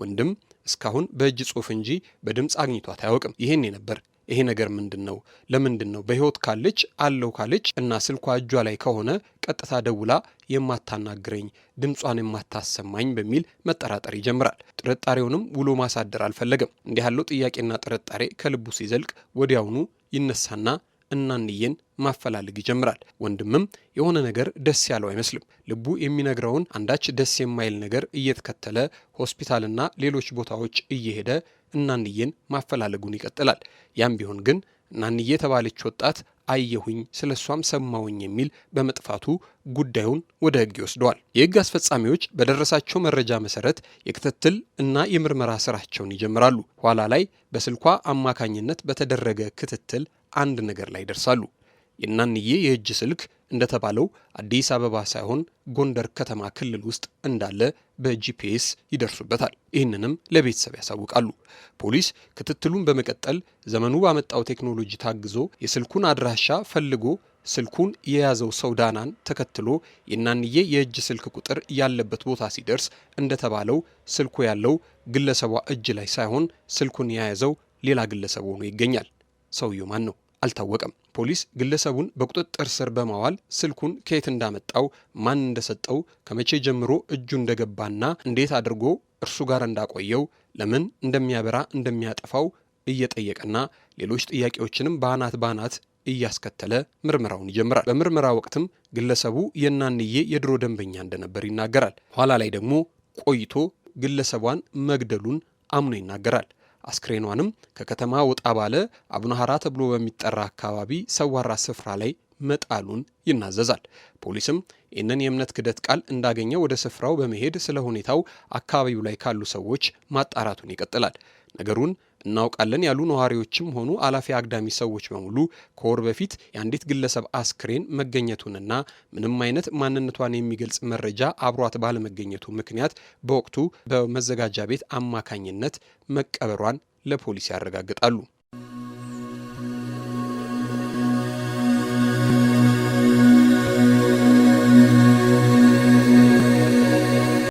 ወንድም እስካሁን በእጅ ጽሑፍ እንጂ በድምፅ አግኝቷት አያውቅም። ይሄኔ ነበር ይሄ ነገር ምንድን ነው? ለምንድን ነው በህይወት ካለች አለው ካለች እና ስልኳ እጇ ላይ ከሆነ ቀጥታ ደውላ የማታናግረኝ ድምጿን የማታሰማኝ በሚል መጠራጠር ይጀምራል። ጥርጣሬውንም ውሎ ማሳደር አልፈለገም። እንዲህ ያለው ጥያቄና ጥርጣሬ ከልቡ ሲዘልቅ ወዲያውኑ ይነሳና እናንዬን ማፈላለግ ይጀምራል። ወንድምም የሆነ ነገር ደስ ያለው አይመስልም። ልቡ የሚነግረውን አንዳች ደስ የማይል ነገር እየተከተለ ሆስፒታልና ሌሎች ቦታዎች እየሄደ እናንዬን ማፈላለጉን ይቀጥላል። ያም ቢሆን ግን እናንዬ የተባለች ወጣት አየሁኝ ስለ እሷም ሰማውኝ የሚል በመጥፋቱ ጉዳዩን ወደ ሕግ ይወስደዋል። የሕግ አስፈጻሚዎች በደረሳቸው መረጃ መሰረት የክትትል እና የምርመራ ስራቸውን ይጀምራሉ። ኋላ ላይ በስልኳ አማካኝነት በተደረገ ክትትል አንድ ነገር ላይ ይደርሳሉ። የናንዬ የእጅ ስልክ እንደተባለው አዲስ አበባ ሳይሆን ጎንደር ከተማ ክልል ውስጥ እንዳለ በጂፒኤስ ይደርሱበታል። ይህንንም ለቤተሰብ ያሳውቃሉ። ፖሊስ ክትትሉን በመቀጠል ዘመኑ ባመጣው ቴክኖሎጂ ታግዞ የስልኩን አድራሻ ፈልጎ ስልኩን የያዘው ሰው ዳናን ተከትሎ የናንዬ የእጅ ስልክ ቁጥር ያለበት ቦታ ሲደርስ እንደተባለው ስልኩ ያለው ግለሰቧ እጅ ላይ ሳይሆን ስልኩን የያዘው ሌላ ግለሰብ ሆኖ ይገኛል። ሰውየው ማን ነው? አልታወቀም። ፖሊስ ግለሰቡን በቁጥጥር ስር በማዋል ስልኩን ከየት እንዳመጣው፣ ማን እንደሰጠው፣ ከመቼ ጀምሮ እጁ እንደገባና እንዴት አድርጎ እርሱ ጋር እንዳቆየው፣ ለምን እንደሚያበራ እንደሚያጠፋው እየጠየቀና ሌሎች ጥያቄዎችንም በአናት በአናት እያስከተለ ምርመራውን ይጀምራል። በምርመራ ወቅትም ግለሰቡ የናንዬ የድሮ ደንበኛ እንደነበር ይናገራል። ኋላ ላይ ደግሞ ቆይቶ ግለሰቧን መግደሉን አምኖ ይናገራል። አስክሬኗንም ከከተማ ወጣ ባለ አቡነ ሀራ ተብሎ በሚጠራ አካባቢ ሰዋራ ስፍራ ላይ መጣሉን ይናዘዛል። ፖሊስም ይህንን የእምነት ክደት ቃል እንዳገኘ ወደ ስፍራው በመሄድ ስለ ሁኔታው አካባቢው ላይ ካሉ ሰዎች ማጣራቱን ይቀጥላል። ነገሩን እናውቃለን ያሉ ነዋሪዎችም ሆኑ አላፊ አግዳሚ ሰዎች በሙሉ ከወር በፊት የአንዲት ግለሰብ አስክሬን መገኘቱንና ምንም አይነት ማንነቷን የሚገልጽ መረጃ አብሯት ባለመገኘቱ ምክንያት በወቅቱ በመዘጋጃ ቤት አማካኝነት መቀበሯን ለፖሊስ ያረጋግጣሉ።